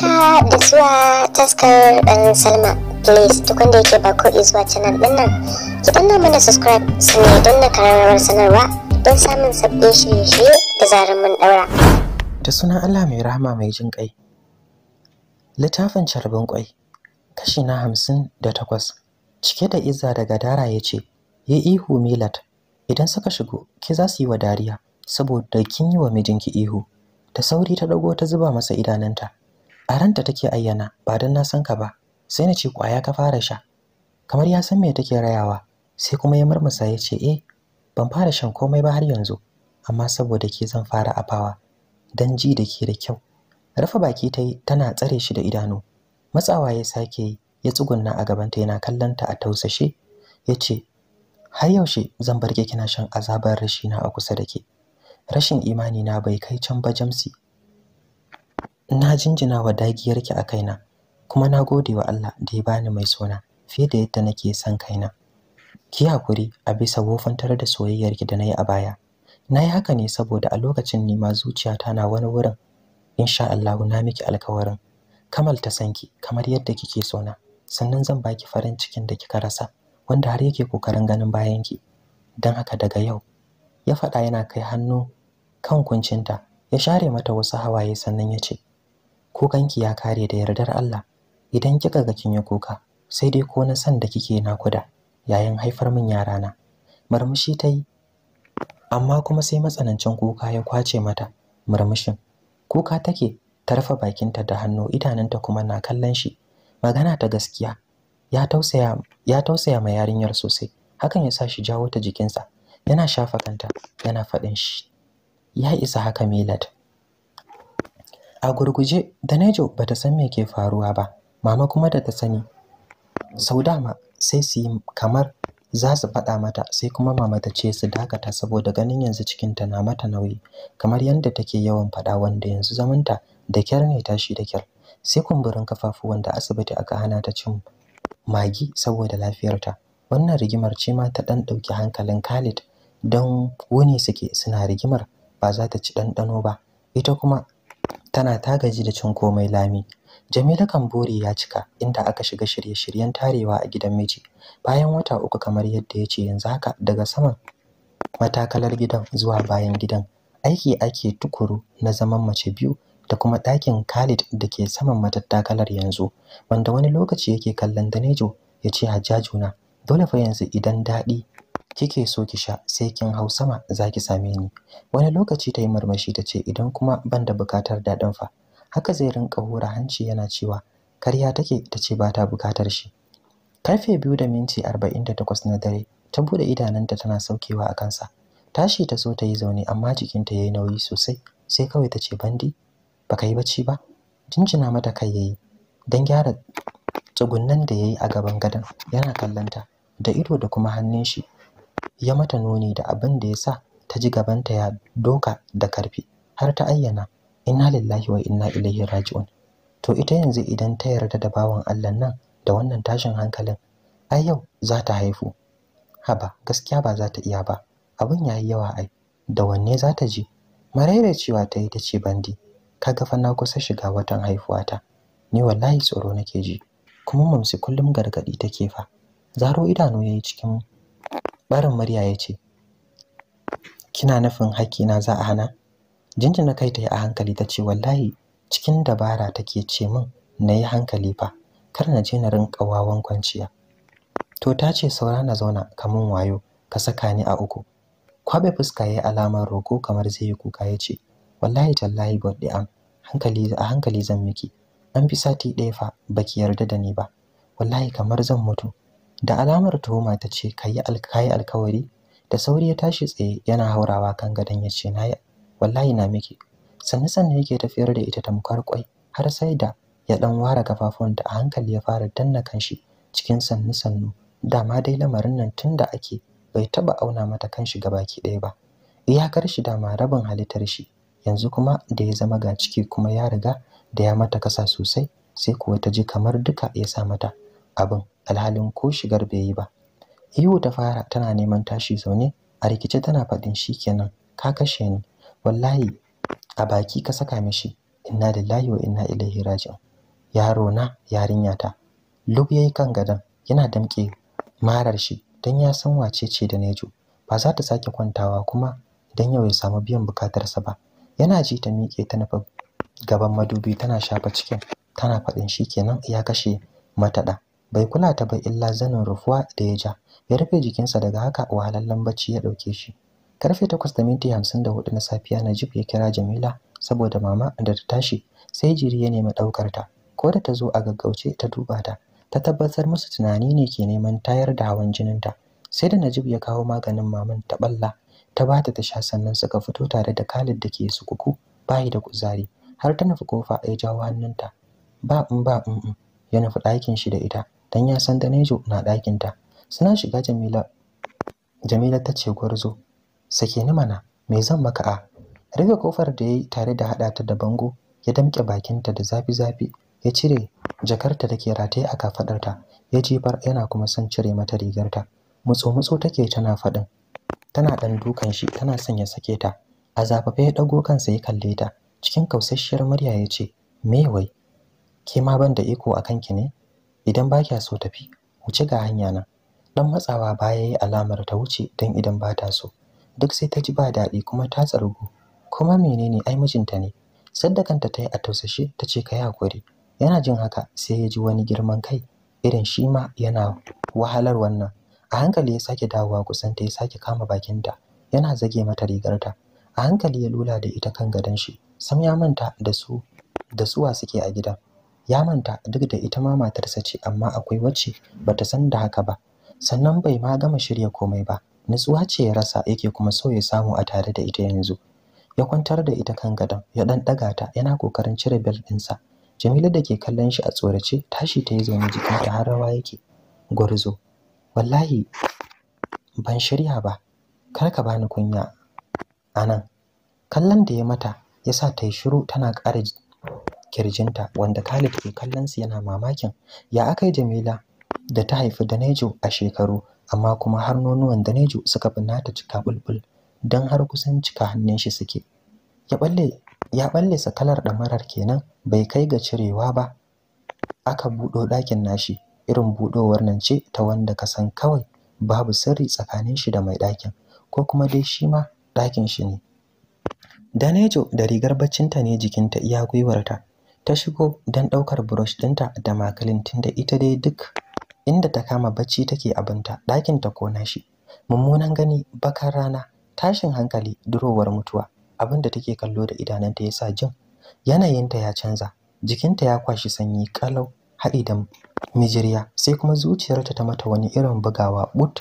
haka da zuwa taskar dan salma please duk wanda yake ba ko zuwa canal din nan ki danna mana subscribe su ne don na kararrawar sanarwa don samun sabbin shirye-shirye da zarar mun daura da sunan allah mai rahama mai jin kai littafin carbin kwai kashi na hamsin da takwas cike da izza da dara ya ce ya ihu milat idan suka shigo ki za su yi wa dariya saboda kin yi wa mijinki ihu da sauri ta dago ta zuba masa idananta a ranta take ayyana ba dan na san ka ba sai na ce kwaya ka fara sha kamar ya san me take rayawa sai kuma ya murmusa ya ce eh ban fara shan komai ba har yanzu amma saboda ke zan fara afawa dan ji da ke da kyau Rafa baki ta yi tana tsare shi da idanu matsawa ya sake yi ya tsugunna a gabanta yana kallonta a tausashe ya ce har yaushe zan barke kina shan azabar rashina a kusa da ke rashin imani na bai kai can ba jamsi na jinjina wa dagiyarki a kaina kuma na gode wa Allah da ya bani mai sona fiye da yadda nake son kaina ki hakuri a bisa wofantar da soyayyarki da nayi a baya na yi haka ne saboda a lokacin nima zuciyata na wani wurin insha Allah na miki alkawarin kamal ta sanki kamar yadda kike sona sannan zan baki farin cikin da kika rasa wanda har yake kokarin ganin bayanki dan haka daga yau ya faɗa yana kai hannu kan kuncinta ya share mata wasu hawaye sannan ya ce kukanki ya kare da yardar Allah idan kika ga kin yi kuka sai dai ko na san da kike nakuda yayin haifar min yara na murmushi ta yi amma kuma sai matsanancin kuka ya kwace mata murmushin kuka take ta rufe bakinta da hannu idananta kuma na kallon shi magana ta gaskiya ya tausaya ya tausaya ma yarinyar sosai hakan ya sa shi jawo ta jikinsa yana shafa kanta yana faɗin shi ya isa haka milad a gurguje danejo bata san me ke faruwa ba mama kuma da ta sani sau dama sai su yi kamar za su faɗa mata sai kuma mama ta ce su dakata saboda ganin yanzu cikinta na mata nauyi kamar yadda take yawan faɗa wanda yanzu zamanta da kyar ne tashi da kyar sai kumburin kafafu wanda asibiti aka hana ta cin magi saboda lafiyarta wannan rigimar ce ma ta ɗan ɗauki hankalin Khalid don wuni suke suna rigimar ba za ta ci ɗanɗano ba ita kuma tana ta gaji da cin komai lami Jamila kan buri ya cika inda aka shiga shirye-shiryen tarewa a gidan miji bayan wata uku kamar yadda ya ce yanzu haka daga saman matakalar gidan zuwa bayan gidan aiki ake tukuru na zaman mace biyu da kuma ɗakin Khalid da ke saman matattakalar yanzu wanda wani lokaci yake kallon Danejo ya ce Hajjajuna dole fa yanzu idan daɗi kike so ki sha sai kin hau sama zaki same ni wani lokaci ta yi murmushi ta ce idan kuma ban da bukatar daɗin fa haka zai rinka hura hanci yana cewa karya take ta ce ba ta bukatar shi karfe biyu da minti arba'in da takwas na dare ta bude idananta tana saukewa a kansa tashi ta so ta yi zaune amma jikinta ya yi nauyi sosai sai kawai ta ce bandi baka yi bacci ba jinjina mata kai yayi don gyara tsugunnan da ya yi a gaban gadon yana kallonta da ido da kuma hannun shi ya mata nuni da abin da ya sa ta ji gabanta ya doka da karfi har ta ayyana inna lillahi wa inna ilaihi raji'un to ita yanzu idan ta yarda da bawan Allah nan da wannan tashin hankalin ai yau za ta haifu haba gaskiya ba za ta iya ba abin yayi yawa ai da wanne za ta je marere cewa ta yi ta ce bandi kaga fa na kusa shiga watan haifuwata ni wallahi tsoro nake ji kuma mamsi kullum gargadi take fa zaro idanu yayi cikin barin murya ya ce kina nufin na za a hana na kai ta yi a hankali ta ce wallahi cikin dabara take ce min na yi hankali fa kar na je na rinka wawan kwanciya to ta ce saura na zauna kamun wayo ka saka ni a uku kwabe fuska ya yi alamar roko kamar zai yi kuka ya ce wallahi tallahi bodde am hankali a hankali zan miki an fi sati ɗaya fa baki yarda da ni ba wallahi kamar zan mutu da alamar tuhuma ta ce ka yi alkawari da sauri ya tashi tsaye yana haurawa kan gadon ya ce nayi wallahi na miki Sannu-sannu sannu yake tafiyar da ita tamkar kwai har sai da ya dan ware da a hankali ya fara danna kanshi cikin sannu sannu dama dai lamarin nan tun da ake bai taba auna mata kanshi baki ɗaya ba iyakar shi dama rabin halittar shi yanzu kuma da ya zama ga ciki kuma ya riga da ya mata kasa sosai sai kuwa ta ji kamar duka ya sa mata abin alhalin ko shigar bai yi ba ihu ta fara tana neman tashi zaune a rikice tana faɗin shi kenan, ka kashe ni wallahi a baki ka saka mishi inna lillahi wa inna ilaihi raji'un yaro na yarinya ta lub yayi kan gadan yana damƙe marar shi dan ya san wace ce da nejo ba za ta sake kwantawa kuma dan yau ya samu biyan bukatarsa ba yana ji ta miƙe ta nufa gaban madubi tana shafa cikin tana faɗin shi kenan, ya kashe mata bai kula ta ba illa zanin rufuwa da ya ja ya rufe jikinsa daga haka wahalallen bacci ya ɗauke shi karfe takwas da minti hamsin da hudu na safiya najib ya kira jamila saboda mama da ta tashi sai jiri ya nemi ɗaukar ta ko da ta zo a gaggauce ta duba ta ta tabbatar musu tunani ne ke neman tayar da hawan jinin ta sai da najib ya kawo maganin maman ta balla ta bata ta sha sannan suka fito tare da kalid da ke sukuku bayi da kuzari har ta nufi kofa ya jawo hannunta ba in ba in ya nufi ɗakin shi da ita don ya san Danejo na ɗakinta. Suna shiga Jamila Jamila ta ce gwarzo, sake ni mana, me zan maka a? Rufe kofar da ya yi tare da haɗa ta da bango, ya damƙe bakinta da zafi-zafi, ya cire jakarta da ke rataye a kafaɗarta, ya jefar yana kuma son cire mata rigarta. Mutso-mutso take tana faɗin, tana ɗan dukan shi, tana son ya sake ta. A zafafe ya ɗago kansa ya kalle ta, cikin kausasshiyar murya ya ce, me wai, ke ma ban da iko a kanki ne? idan ba kya so tafi wuce ga hanya na. dan matsawa baya yi alamar ta wuce dan idan ba ta so duk sai ta ji ba daɗi kuma ta tsargu kuma menene ai mijinta ne saddakanta ta yi a tausashe ta ce ka yi hakuri yana jin haka sai ya ji wani girman kai irin shi ma yana wahalar wannan a hankali ya sake dawowa kusan ta ya sake kama bakinta yana zage mata rigarta a hankali ya lula da ita kan gadon shi sam ya manta da su da suwa suke a gidan ya manta duk da ita ma matarsa ce amma akwai wacce bata san da haka ba sannan bai ma gama shirya komai ba nutsuwa ce ya rasa yake kuma so ya samu a tare da ita yanzu ya kwantar da ita kan gadon ya dan ɗaga ta yana kokarin cire bel ɗinsa Jamila da ke kallon shi a tsorace tashi ta yi zaune ta har rawa yake gwarzo wallahi ban shirya ba kar ka bani kunya anan kallon da ya mata ya sa ta yi shiru tana ƙara kirjinta wanda Khalid ke kallon su yana mamakin ya akai Jamila da ta haifi Danejo a shekaru amma kuma har nonuwan Danejo suka fi nata cika bulbul dan har kusan cika hannun shi suke ya balle ya balle kalar damarar kenan bai kai ga cirewa ba aka buɗo ɗakin nashi irin buɗowar nan ce ta wanda ka san kawai babu sirri tsakanin shi da mai ɗakin ko kuma dai shi ma ɗakin shi ne Danejo da rigar baccinta ne jikinta iya gwiwarta ta shigo don ɗaukar brush ɗinta da makalin tunda ita dai duk inda ta kama bacci take abinta ɗakin ta kona shi mummunan gani bakar rana tashin hankali durowar mutuwa abin da take kallo da idananta ya sa jin yanayinta ya canza jikinta ya kwashi sanyi kalau haɗi da mijirya sai kuma zuciyarta ta mata wani irin bugawa but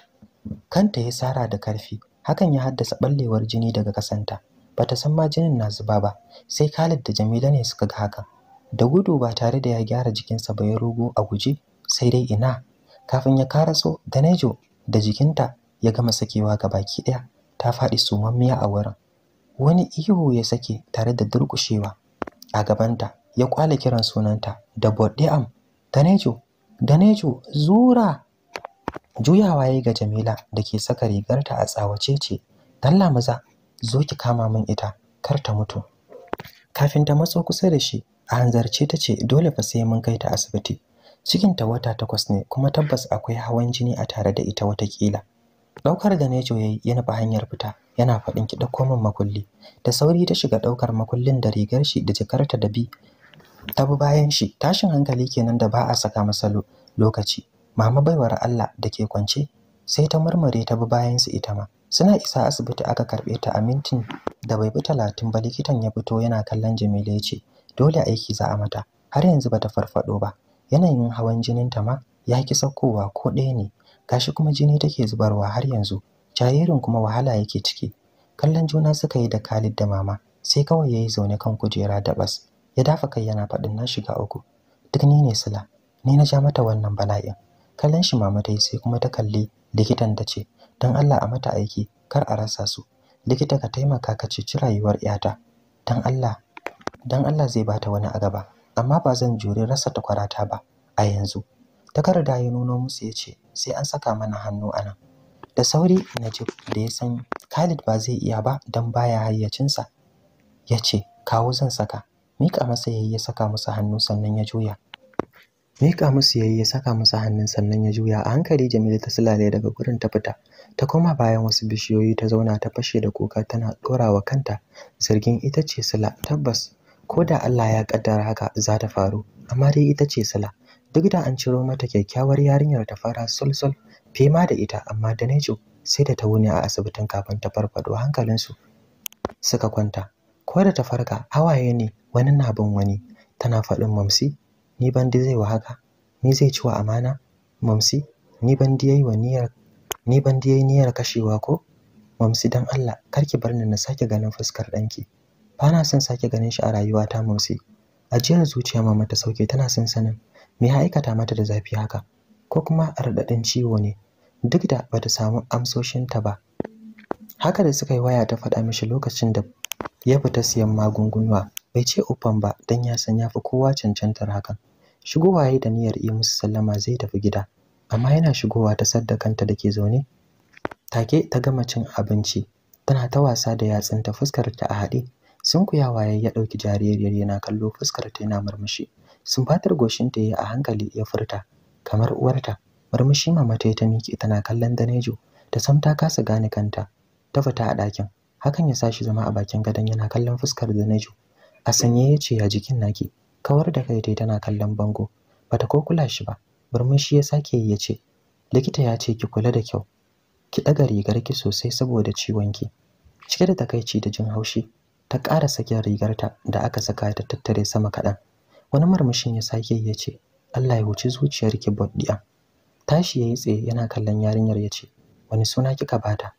kanta ya sara da karfi hakan ya haddasa ɓallewar jini daga kasanta bata san ma jinin na zuba ba sai Khalid da Jamila ne suka ga hakan. da gudu ba tare da ya gyara jikinsa ba ya rogo a guje sai dai ina kafin ya karaso danejo da jikinta ya gama sakewa ga baki ɗaya ta faɗi sumammiya a wurin wani ihu ya sake tare da durƙushewa a gabanta ya kwale kiran sunanta da boɗiam, danejo danejo zura juyawa ya yi ga jamila da ke saka rigarta a tsawace ce dalla maza zo ki kama min ita kar ta mutu kafin ta matso kusa da shi a hanzarce ta ce dole fa sai mun kai ta asibiti cikinta wata takwas ne kuma tabbas akwai hawan jini a tare da ita watakila ɗaukar da Nejo ya yana ya hanyar fita yana faɗin ki ɗauko makulli da sauri ta shiga ɗaukar makullin da rigar shi da jakarta da bi ta bi bayan shi tashin hankali kenan da ba a saka masa lokaci mama baiwar Allah da ke kwance sai ta murmure ta bi bayan su ita ma suna isa asibiti aka karɓe ta a mintin da bai bi talatin ba likitan ya fito yana kallon Jamila ya ce dole aiki za a mata har yanzu bata farfado ba yanayin hawan jinin ta ma ya ki saukowa ko ɗaya ne gashi kuma jini take zubarwa har yanzu jaririn kuma wahala yake ciki kallon juna suka yi da Khalid da mama sai kawai yayi zaune kan kujera da bas ya dafa kai yana faɗin na shiga uku duk ni ne Sula, ni na ja mata wannan bala'in kallon shi mama ta yi sai kuma ta kalli likitan ta ce don Allah a mata aiki kar a rasa su likita ka taimaka ka ceci rayuwar 'yata don Allah don Allah zai bata wani a gaba amma ba zan jure rasa takwarata ba a yanzu takarda ya nuno musu ya ce sai an saka mana hannu a nan da sauri najib da ya san khalid ba zai iya ba don baya hayyacinsa ya ce kawo zan saka miƙa masa yayi ya saka musu hannu sannan ya juya miƙa musu yayi ya saka musu hannun sannan ya juya a hankali jamilu ta sulale daga gurin ta fita ta koma bayan wasu bishiyoyi ta zauna ta fashe da kuka tana ɗorawa kanta zargin ita ce sula tabbas ko da Allah ya kaddara haka za ta faru amma dai ita ce sala duk da an ciro mata kyakkyawar yarinyar ta fara sulsul fema da ita amma da Danejo sai da ta wuni a asibitin kafin ta farfado su suka kwanta ko da ta farka hawaye ne wani na bin wani tana faɗin mamsi ni bandi zai wa haka ni zai ciwa amana mamsi ni bandi yayi niyyar ni yayi niyyar kashewa ko mamsi dan Allah karki bar ni na sake ganin fuskar danki ba na son sake ganin shi a rayuwata A Ajiyar zuciya mama ta sauke tana son sanin me ya aikata mata da zafi haka ko kuma raɗaɗin ciwo ne duk da bata samu amsoshinta ba. Haka da suka yi waya ta faɗa mishi lokacin da ya fita siyan magunguna bai ce uban ba don ya san ya fi kowa cancantar hakan. Shigowa ya da niyyar yi musu sallama zai tafi gida amma yana shigowa ta sadda kanta da ke zaune. Take ta gama cin abinci tana ta wasa da yatsunta fuskar ta a haɗe sunkuyawa yayi ya ɗauki jaririyar yana kallo fuskar ta yana murmushi sumbatar goshin ta yayi a hankali ya furta kamar uwarta murmushi mama ta ta miƙe tana kallon Danejo ta sam ta kasa gane kanta ta fita a ɗakin hakan ya sa shi zama a bakin gadon yana kallon fuskar Danejo a sanye ya ce ya jikin naki kawar da kai tai tana kallon bango bata ko kula shi ba murmushi ya sake ya ce likita ya ce ki kula da kyau ki ɗaga rigar ki sosai saboda ciwon ki cike da takaici da jin haushi ta ƙara sakin rigarta da aka saka ta tattare sama kaɗan wani marmashin ya sake ya ce Allah ya huci zuciyar ki boddiya tashi yayi tsaye yana kallon yarinyar ya ce wani suna kika bata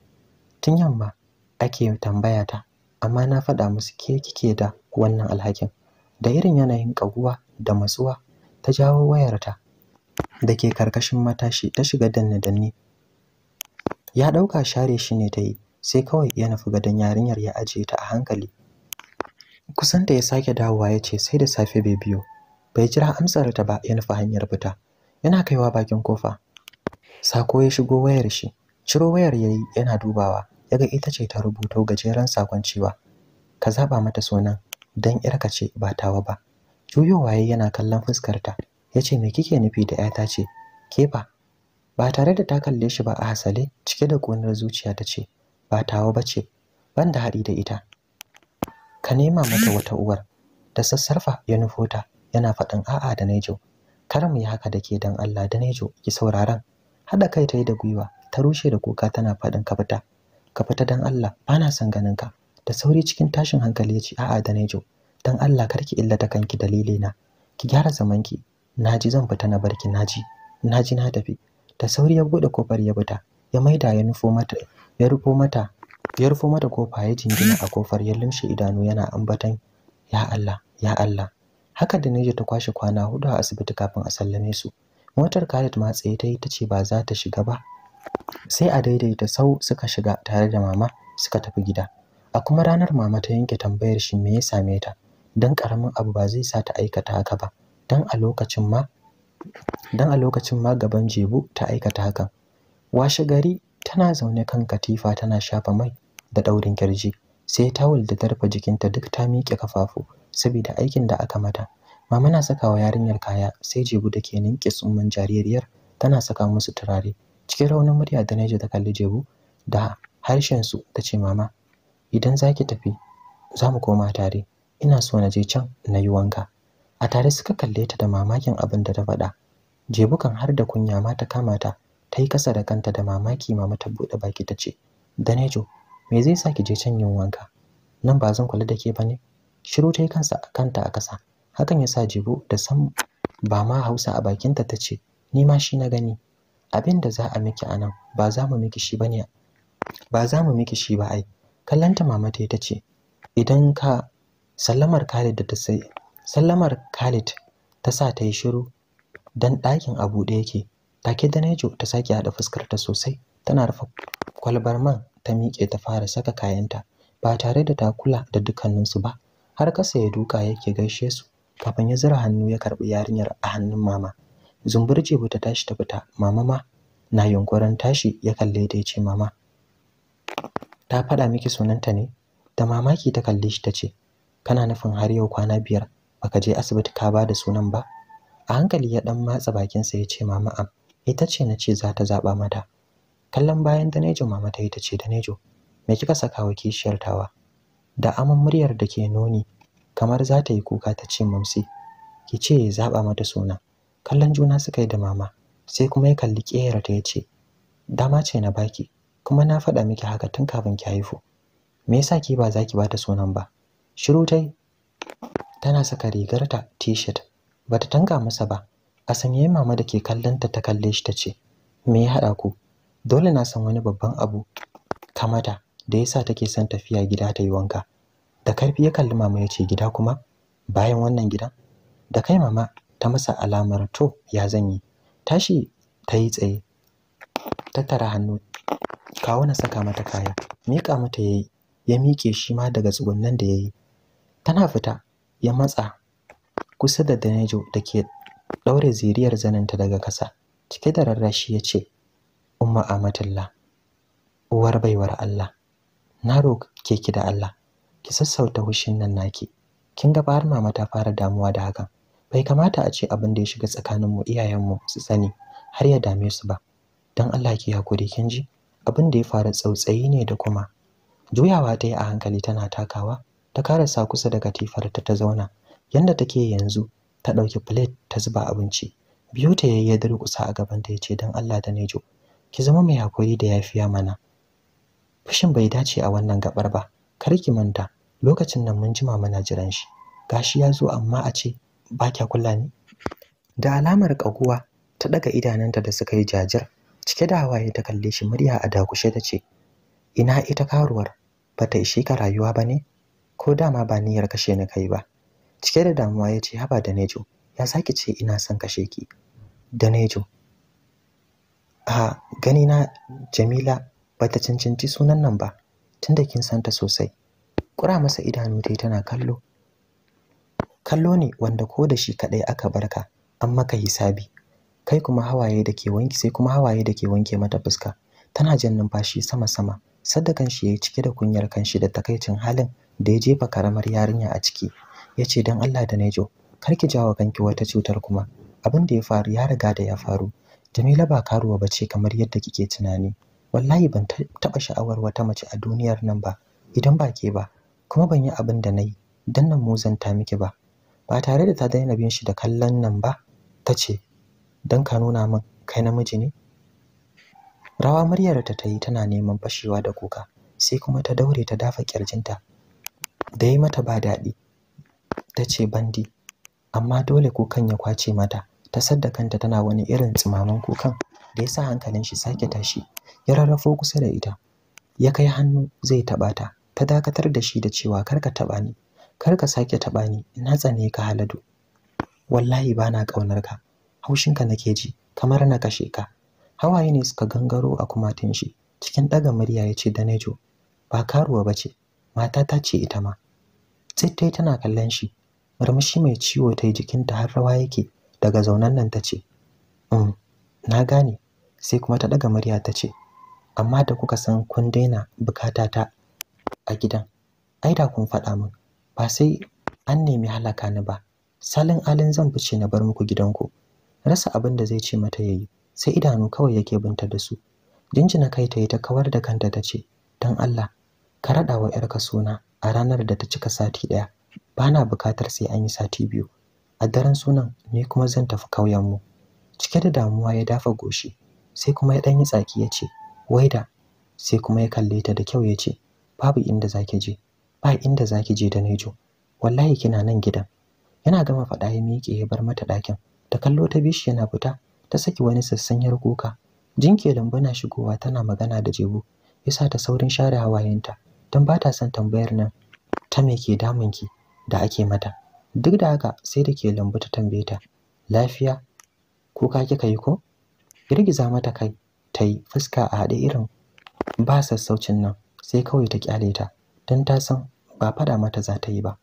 tun yamma ake tambaya ta amma na faɗa musu ke kike da wannan alhakin da irin yanayin ƙaguwa da matsuwa ta jawo wayarta da ke karkashin matashi ta shiga danne-danne ya ɗauka share shi ne ta yi sai kawai ya nufi gadon yarinyar ya ajiye ta a hankali kusan da ya sake dawowa ya ce sai da safe bai biyo bai jira amsar ta ba ya nufa hanyar fita yana kaiwa bakin kofa sako ya shigo wayar shi ciro wayar yayi yana dubawa yaga ita ce ta rubuto gajeren sakon cewa ka zaba mata sunan dan yarka ce ba tawa ba juyowa yayi yana kallon fuskar ta yace me kike nufi da ya ce ke ba ba tare da ta kalle shi ba a hasale cike da ƙunar zuciya ta ce ba tawa bace ban da haɗi da ita ka nema mata wata uwar da sassarfa ya nufo ta yana faɗin a'a da Nejo kar mu yi haka da ke dan Allah da Nejo ki sauraron Haɗa kai ta yi da gwiwa ta rushe da kuka tana faɗin ka fita ka fita dan Allah bana son ganin ka da sauri cikin tashin hankali ya ce a'a da Nejo dan Allah karki illata kanki dalili na ki gyara zamanki ji zan fita na barki na ji, na ji na tafi da sauri ya buɗe kofar ya fita ya maida ya nufo mata ya rufo mata ya rufo mata kofa ya jingina a kofar ya lumshe idanu yana ambatan ya Allah ya Allah haka da Neja ta kwashe kwana hudu a asibiti kafin a sallame su motar Khalid ma tsaye ta yi ta ce ba za ta shiga ba sai a daidaita sau suka shiga tare da mama suka tafi gida a kuma ranar mama ta yanke tambayar shi me ya same ta dan karamin abu ba zai sa ta aikata haka ba dan a lokacin ma dan a lokacin ma gaban jebu ta aikata haka washe gari tana zaune kan katifa tana shafa mai da daurin kirji sai tawul da tarfa jikinta duk ta miƙe kafafu saboda aikin da aka mata mama na saka wa yarinyar kaya sai jebu da ke ninke tsumman jaririyar tana saka musu turare cikin raunin murya da naje ta kalli jebu da harshen su ta ce mama idan zaki tafi za mu koma tare ina so na je can na yi wanka a tare suka kalle ta da mamakin abin da ta faɗa jebu kan har da kunya ma ta kama ta yi kasa da kanta da mamaki mama ta buɗe baki ta ce danejo me zai sa ki je can yin wanka nan ba zan kula da ke ba ne shiru ta yi kansa a kanta a kasa hakan ya sa jibo da sam ba ma hausa a bakinta ta ce ni ma shi na gani abin da za a miki a nan ba za mu miki shi ba ba za ai kallanta mama ta ta ce idan ka sallamar Khalid da ta sai sallamar Khalid ta sa ta yi shiru dan ɗakin a buɗe yake take danejo ta sake haɗa fuskarta sosai tana rufe kwalbar man ta miƙe ta fara saka kayanta ba tare da ta kula da dukkaninsu ba har kasa ya duka yake gaishe su kafin ya zura hannu ya karɓi yarinyar a hannun mama zumburce ba ta tashi ta fita mama ma na yunkurin tashi ya kalle ta ce mama ta faɗa miki sunanta ne da mamaki ta kalle shi ta ce kana nufin har yau kwana biyar baka je asibiti ka ba da sunan ba a hankali ya dan matsa bakinsa ya ce mama am ita ce na ce za ta zaɓa mata kallon bayan danejo mama ta ita ta ce danejo me kika saka wa kishiyar tawa da aman muryar da ke noni kamar za ta yi kuka ta ce mamsi ki ce ya zaɓa mata suna kallon juna suka yi da mama sai kuma ya kalli ƙeyar ta ya ce dama ce na baki kuma na faɗa miki haka tun kafin ki haifu me yasa ki ba za ki bata sunan ba shiru tai tana saka rigarta t-shirt bata tanka masa ba A sanye mama da ke kallonta ta kalle shi ta ce, "Me ya haɗa ku? Dole na san wani babban abu kamata da da yasa take son tafiya gida ta yi wanka." Da karfi ya kalli mama ya ce, "Gida kuma? Bayan wannan gidan?" Da kai mama ta masa alamar to ya zan yi, Tashi ta yi tsaye. Tattara hannu. Kawo na saka mata kaya. Miƙa mata ya yi. Ya miƙe shi ma daga tsugunnan da ya yi. Tana fita ya matsa kusa da Danejo da ke ɗaure ziriyar zaninta daga ƙasa cike da rarrashi ya ce umma matalla. uwar baiwar Allah na roƙe ki da Allah ki sassauta hushin nan naki kin ga har mama ta fara damuwa da hakan bai kamata a ce abin da ya shiga tsakanin mu iyayen mu su sani har ya dame su ba Don Allah ki hakuri kin ji abin da ya faru tsautsayi ne da kuma juyawa ta yi a hankali tana takawa ta karasa kusa da katifar ta ta zauna yanda take yanzu ta ɗauki plate ta zuba abinci biyo ta yayye durƙusa a gabanta ya ce dan Allah da nejo ki zama mai hakuri da yafiya mana fushin bai dace a wannan gabar ba kar ki manta lokacin nan mun jima mana jiran shi gashi ya zo amma a ce ba kya kula ni da alamar kaguwa ta daga idananta da suka yi jajir cike da hawaye ta kalle shi murya a dakushe ta ce ina ita karuwar bata ishe ka rayuwa ba ne ko dama ba niyyar kashe ni kai ba cike da damuwa ya ce haba danejo ya sake ce ina son kashe ki nejo a gani na jamila bata cancanci sunan nan ba tunda kin santa sosai kura masa idanu dai tana kallo kallo ne wanda ko da shi kadai aka barka an maka hisabi kai kuma hawaye da ke wanki sai kuma hawaye da ke wanke mata fuska tana jan numfashi sama sama sadakan shi yayi cike da kunyar kanshi da takaicin halin da ya jefa karamar yarinya a ciki ya ce don Allah da Nejo kar ki jawo kanki wata cutar kuma abin da ya faru ya riga da ya faru Jamila ba karuwa bace kamar yadda kike tunani wallahi ban taɓa sha'awar wata mace a duniyar nan ba idan ba ke ba kuma ban yi abin da na yi don nan muzanta miki ba ba tare da ta daina bin shi da kallon nan ba ta ce don ka nuna min kai namiji ne rawa muryar ta ta yi tana neman fashewa da kuka sai kuma ta daure ta dafa kirjinta da yi mata ba daɗi ta ce bandi amma dole kukan ya kwace mata ta sadda kanta tana wani irin tsimaman kukan da ya sa hankalin shi sake tashi ya rarrafo kusa da ita ya kai hannu zai taɓa ta ta dakatar da shi da cewa kar ka taɓa ni kar ka sake taɓa ni na tsane ka haladu wallahi bana ƙaunar ka haushinka nake ji kamar na kashe ka hawaye ne suka gangaro a kumatin shi cikin ɗaga murya ya ce danejo ba karuwa bace, ce mata ta ce ita ma tsittai tana kallon shi murmushi mai ciwo ta yi jikinta har rawa yake daga zaunan nan ta ce um na gane sai kuma ta daga murya ta ce amma da kuka san kun daina bukata ta a gidan ai da kun faɗa min ba sai an nemi halaka ni ba salin alin zan fice na bar muku gidanku rasa abin da zai ce mata yayi sai idanu kawai yake binta da su jinjina kai ta yi ta kawar da kanta ta ce don Allah ka raɗa wa 'yarka suna a ranar da ta cika sati ɗaya ba na bukatar sai an yi sati biyu a daren sunan ni kuma zan tafi mu cike da damuwa ya dafa goshi sai kuma ya ɗan yi tsaki ya ce da sai kuma ya kalle ta da kyau ya ce babu inda zaki je ba inda zaki je da nejo wallahi kina nan gidan yana gama faɗa ya miƙe ya bar mata ɗakin ta kallo ta bishi yana fita ta saki wani sassanyar kuka jinke lambuna shigowa tana magana da jebu yasa ta saurin share hawayenta don ba ta son tambayar nan ta me ke ki da ake mata duk da haka sai da ke lambu ta tambaye ta lafiya kuka kika yi ko girgiza mata kai ta yi fuska a haɗe irin ba sassaucin nan sai kawai ta kyale ta don ta san ba faɗa mata za ta yi ba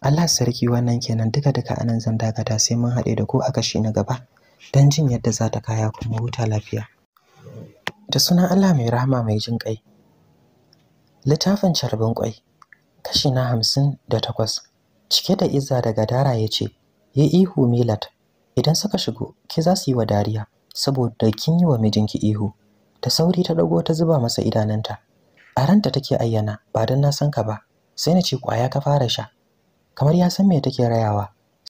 Allah sarki wannan kenan duka duka anan zan dakata sai mun haɗe da ko a kashi na gaba don jin yadda za ta kaya kuma huta lafiya da sunan Allah mai rahama mai jin ƙai littafin carbin kwai kashi na hamsin da takwas cike da izza daga dara ya ce ya ihu milat idan suka shigo ki za su yi wa dariya saboda kin yi wa mijinki ihu da sauri ta dago ta zuba masa idananta a ranta take ayyana ba don na san ka ba sai na ce kwaya ka fara sha kamar ya san me take rayawa